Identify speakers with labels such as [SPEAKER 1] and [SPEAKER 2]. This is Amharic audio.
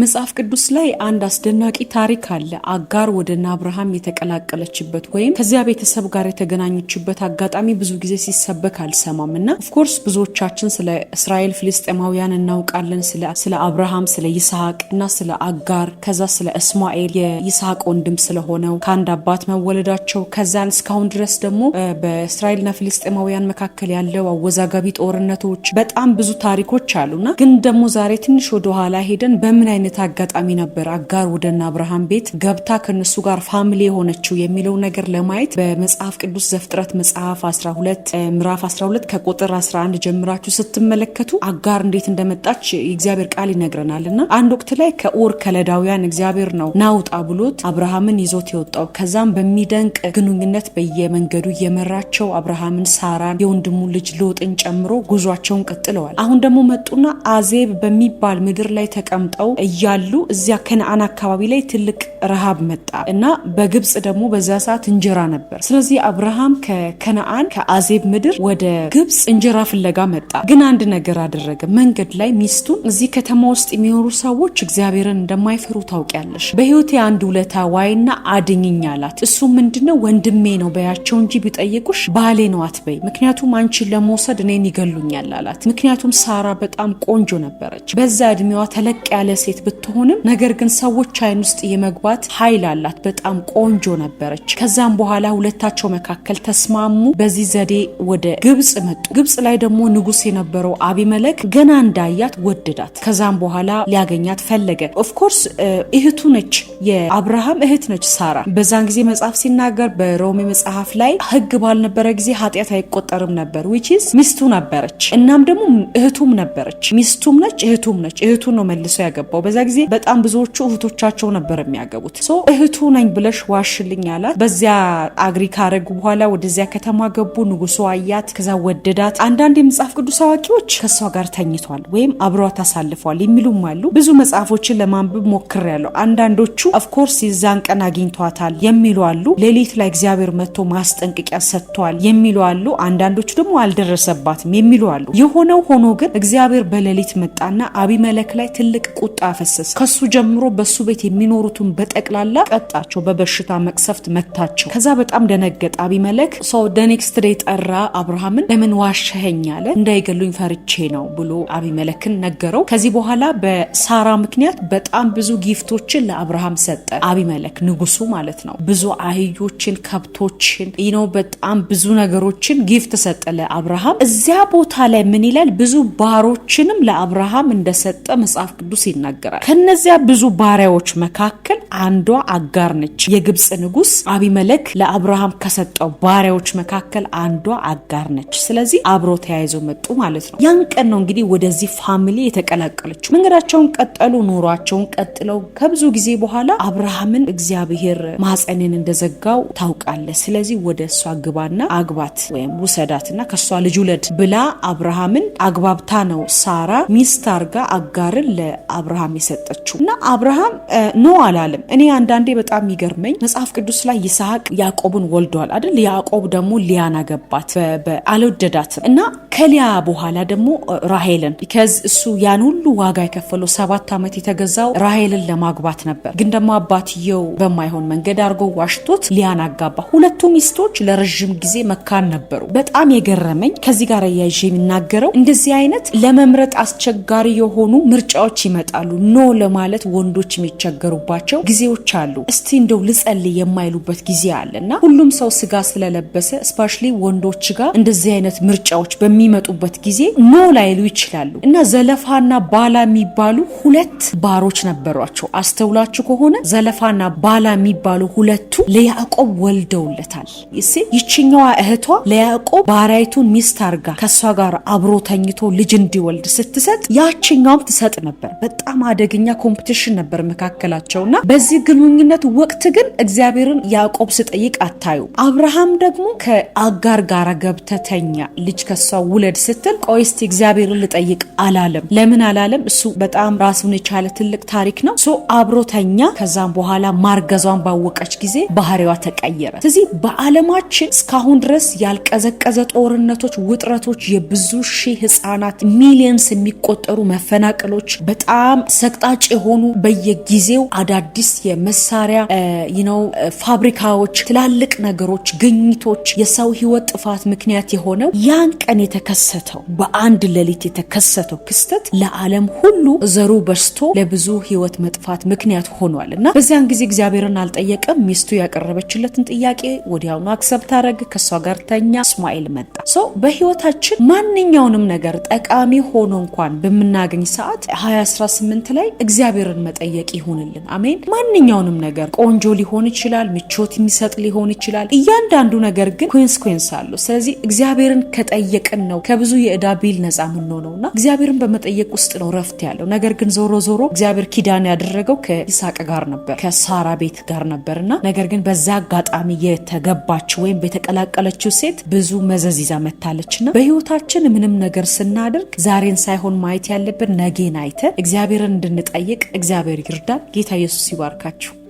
[SPEAKER 1] መጽሐፍ ቅዱስ ላይ አንድ አስደናቂ ታሪክ አለ። አጋር ወደነ አብርሃም የተቀላቀለችበት ወይም ከዚያ ቤተሰብ ጋር የተገናኘችበት አጋጣሚ ብዙ ጊዜ ሲሰበክ አልሰማም እና ኦፍኮርስ ብዙዎቻችን ስለ እስራኤል ፍልስጤማውያን እናውቃለን። ስለ አብርሃም፣ ስለ ይስሐቅ እና ስለ አጋር ከዛ ስለ እስማኤል የይስሐቅ ወንድም ስለሆነው ከአንድ አባት መወለዳቸው ከዛን እስካሁን ድረስ ደግሞ በእስራኤልና ፍልስጤማውያን መካከል ያለው አወዛጋቢ ጦርነቶች፣ በጣም ብዙ ታሪኮች አሉና ግን ደግሞ ዛሬ ትንሽ ወደኋላ ሄደን በምን አይነት አጋጣሚ ነበር አጋር ወደና አብርሃም ቤት ገብታ ከነሱ ጋር ፋሚሊ የሆነችው የሚለው ነገር ለማየት በመጽሐፍ ቅዱስ ዘፍጥረት መጽሐፍ 12 ምዕራፍ 12 ከቁጥር 11 ጀምራችሁ ስትመለከቱ አጋር እንዴት እንደመጣች የእግዚአብሔር ቃል ይነግረናል እና አንድ ወቅት ላይ ከኡር ከለዳውያን እግዚአብሔር ነው ናውጣ ብሎት አብርሃምን ይዞት የወጣው ከዛም በሚደንቅ ግንኙነት በየመንገዱ እየመራቸው አብርሃምን ሳራን የወንድሙ ልጅ ሎጥን ጨምሮ ጉዟቸውን ቀጥለዋል። አሁን ደግሞ መጡና አዜብ በሚባል ምድር ላይ ተቀምጠው እያሉ እዚያ ከነአን አካባቢ ላይ ትልቅ ረሃብ መጣ እና በግብፅ ደግሞ በዛ ሰዓት እንጀራ ነበር። ስለዚህ አብርሃም ከከነአን ከአዜብ ምድር ወደ ግብፅ እንጀራ ፍለጋ መጣ። ግን አንድ ነገር አደረገ። መንገድ ላይ ሚስቱን እዚህ ከተማ ውስጥ የሚኖሩ ሰዎች እግዚአብሔርን እንደማይፈሩ ታውቂያለሽ፣ በህይወቴ አንድ ውለታ ዋይና አድኝኝ አላት። እሱ ምንድነው ወንድሜ ነው በያቸው እንጂ ቢጠይቁሽ ባሌ ነው አትበይ፣ ምክንያቱም አንቺን ለመውሰድ እኔን ይገሉኛል አላት። ምክንያቱም ሳራ በጣም ቆንጆ ነበረች። በዛ እድሜዋ ተለቅ ያለ ሴት ብትሆንም ነገር ግን ሰዎች አይን ውስጥ የመግባት ኃይል አላት። በጣም ቆንጆ ነበረች። ከዛም በኋላ ሁለታቸው መካከል ተስማሙ። በዚህ ዘዴ ወደ ግብጽ መጡ። ግብጽ ላይ ደግሞ ንጉስ የነበረው አቢመለክ ገና እንዳያት ወደዳት። ከዛም በኋላ ሊያገኛት ፈለገ። ኦፍኮርስ እህቱ ነች፣ የአብርሃም እህት ነች ሳራ። በዛን ጊዜ መጽሐፍ ሲናገር በሮሜ መጽሐፍ ላይ ህግ ባልነበረ ጊዜ ኃጢአት አይቆጠርም ነበር። ዊችዝ ሚስቱ ነበረች፣ እናም ደግሞ እህቱም ነበረች። ሚስቱም ነች፣ እህቱም ነች። እህቱ ነው መልሶ ያገባው። በዛ ጊዜ በጣም ብዙዎቹ እህቶቻቸው ነበር የሚያገቡት። ሶ እህቱ ነኝ ብለሽ ዋሽልኝ አላት። በዚያ አግሪ ካረጉ በኋላ ወደዚያ ከተማ ገቡ። ንጉሱ አያት፣ ከዛ ወደዳት። አንዳንድ የመጽሐፍ ቅዱስ አዋቂዎች ከእሷ ጋር ተኝቷል ወይም አብሯት አሳልፏል የሚሉም አሉ። ብዙ መጽሐፎችን ለማንበብ ሞክሬያለሁ። አንዳንዶቹ ኦፍኮርስ የዛን ቀን አግኝቷታል የሚሉ አሉ። ሌሊት ላይ እግዚአብሔር መጥቶ ማስጠንቀቂያ ሰጥቷል የሚሉ አሉ። አንዳንዶቹ ደግሞ አልደረሰባትም የሚሉ አሉ። የሆነው ሆኖ ግን እግዚአብሔር በሌሊት መጣና አቢመለክ ላይ ትልቅ ቁጣ አፈሰሰ። ከሱ ጀምሮ በሱ ቤት የሚኖሩትን በጠቅላላ ቀጣቸው፣ በበሽታ መቅሰፍት መታቸው። ከዛ በጣም ደነገጠ አቢመለክ። ሰው ደኔክስት ዴይ ጠራ አብርሃምን። ለምን ዋሸኸኝ አለ። እንዳይገሉኝ ፈርቼ ነው ብሎ አቢመለክን ነገረው። ከዚህ በኋላ በሳራ ምክንያት በጣም ብዙ ጊፍቶችን ለአብርሃም ሰጠ። አቢመለክ ንጉሱ ማለት ነው። ብዙ አህዮችን፣ ከብቶችን ነው በጣም ብዙ ነገሮችን ጊፍት ሰጠ ለአብርሃም። እዚያ ቦታ ላይ ምን ይላል? ብዙ ባሮችንም ለአብርሃም እንደሰጠ መጽሐፍ ቅዱስ ይናገራል። ይናገራል። ከነዚያ ብዙ ባሪያዎች መካከል አንዷ አጋር ነች። የግብፅ ንጉስ አቢመለክ ለአብርሃም ከሰጠው ባሪያዎች መካከል አንዷ አጋር ነች። ስለዚህ አብሮ ተያይዘው መጡ ማለት ነው። ያን ቀን ነው እንግዲህ ወደዚህ ፋሚሊ የተቀላቀለችው። መንገዳቸውን ቀጠሉ፣ ኑሯቸውን ቀጥለው ከብዙ ጊዜ በኋላ አብርሃምን እግዚአብሔር ማህፀንን እንደዘጋው ታውቃለ ስለዚህ ወደ እሷ ግባና አግባት ወይም ውሰዳትና ከእሷ ልጅ ውለድ ብላ አብርሃምን አግባብታ ነው ሳራ ሚስት አርጋ አጋርን ለአብርሃም የሰጠችው እና አብርሃም ኖ አላለም። እኔ አንዳንዴ በጣም ይገርመኝ መጽሐፍ ቅዱስ ላይ ይስሐቅ ያዕቆብን ወልደዋል አይደል? ያዕቆብ ደግሞ ሊያን አገባት፣ አልወደዳትም እና ከሊያ በኋላ ደግሞ ራሄልን ከዚ እሱ ያን ሁሉ ዋጋ የከፈለው ሰባት ዓመት የተገዛው ራሄልን ለማግባት ነበር። ግን ደግሞ አባትየው በማይሆን መንገድ አድርጎ ዋሽቶት ሊያን አጋባ። ሁለቱ ሚስቶች ለረዥም ጊዜ መካን ነበሩ። በጣም የገረመኝ ከዚህ ጋር እያይዤ የሚናገረው እንደዚህ አይነት ለመምረጥ አስቸጋሪ የሆኑ ምርጫዎች ይመጣሉ። ኖ ለማለት ወንዶች የሚቸገሩባቸው ጊዜዎች አሉ። እስቲ እንደው ልጸልይ የማይሉበት ጊዜ አለ እና ሁሉም ሰው ስጋ ስለለበሰ ስፔሻሊ ወንዶች ጋር እንደዚህ አይነት ምርጫዎች በሚመጡበት ጊዜ ኖ ላይሉ ይችላሉ እና ዘለፋና ባላ የሚባሉ ሁለት ባሮች ነበሯቸው። አስተውላችሁ ከሆነ ዘለፋና ባላ የሚባሉ ሁለቱ ለያዕቆብ ወልደውለታል። ይሴ ይችኛዋ እህቷ ለያዕቆብ ባሪያይቱን ሚስት አርጋ ከእሷ ጋር አብሮ ተኝቶ ልጅ እንዲወልድ ስትሰጥ ያችኛውም ትሰጥ ነበር። በጣም አደገኛ ኮምፒቲሽን ነበር መካከላቸውና በዚህ ግንኙነት ወቅት ግን እግዚአብሔርን ያዕቆብ ስጠይቅ አታዩ። አብርሃም ደግሞ ከአጋር ጋር ገብተተኛ ልጅ ከሷ ውለድ ስትል ቆይስቲ እግዚአብሔርን ልጠይቅ አላለም። ለምን አላለም? እሱ በጣም ራሱን የቻለ ትልቅ ታሪክ ነው። ሶ አብሮተኛ። ከዛም በኋላ ማርገዟን ባወቀች ጊዜ ባህሪዋ ተቀየረ። ስለዚህ በዓለማችን እስካሁን ድረስ ያልቀዘቀዘ ጦርነቶች፣ ውጥረቶች፣ የብዙ ሺህ ህጻናት ሚሊየንስ የሚቆጠሩ መፈናቀሎች፣ በጣም ሰቅጣጭ የሆኑ በየጊዜው አዳዲስ የመሳሪያ ነው ፋብሪካዎች፣ ትላልቅ ነገሮች፣ ግኝቶች የሰው ህይወት ጥፋት ምክንያት የሆነው ያን ቀን የተከሰተው በአንድ ሌሊት የተከሰተው ክስተት ለዓለም ሁሉ ዘሩ በስቶ ለብዙ ህይወት መጥፋት ምክንያት ሆኗል እና በዚያን ጊዜ እግዚአብሔርን አልጠየቀም። ሚስቱ ያቀረበችለትን ጥያቄ ወዲያውኑ አክሰብት አደረገ። ከእሷ ጋር ተኛ። እስማኤል መጣ። ሰው በህይወታችን ማንኛውንም ነገር ጠቃሚ ሆኖ እንኳን በምናገኝ ሰዓት 2018 ላይ እግዚአብሔርን መጠየቅ ይሁንልን። አሜን። ማንኛውንም ነገር ቆንጆ ሊሆን ይችላል፣ ምቾት የሚሰጥ ሊሆን ይችላል። እያንዳንዱ ነገር ግን ኮንስኮንስ አለው። ስለዚህ እግዚአብሔርን ከጠየቅን ነው ከብዙ የእዳ ቢል ነፃ የምንሆነው እና እግዚአብሔርን በመጠየቅ ውስጥ ነው ረፍት ያለው። ነገር ግን ዞሮ ዞሮ እግዚአብሔር ኪዳን ያደረገው ከይስሐቅ ጋር ነበር ከሳራ ቤት ጋር ነበር እና ነገር ግን በዛ አጋጣሚ የተገባችው ወይም የተቀላቀለችው ሴት ብዙ መዘዝ ይዛ መታለች እና በህይወታችን ምንም ነገር ስናደርግ ዛሬን ሳይሆን ማየት ያለብን ነጌን አይተን እግዚአብሔርን እንድንጠይቅ እግዚአብሔር ይርዳን። ጌታ ኢየሱስ ይባርካችሁ።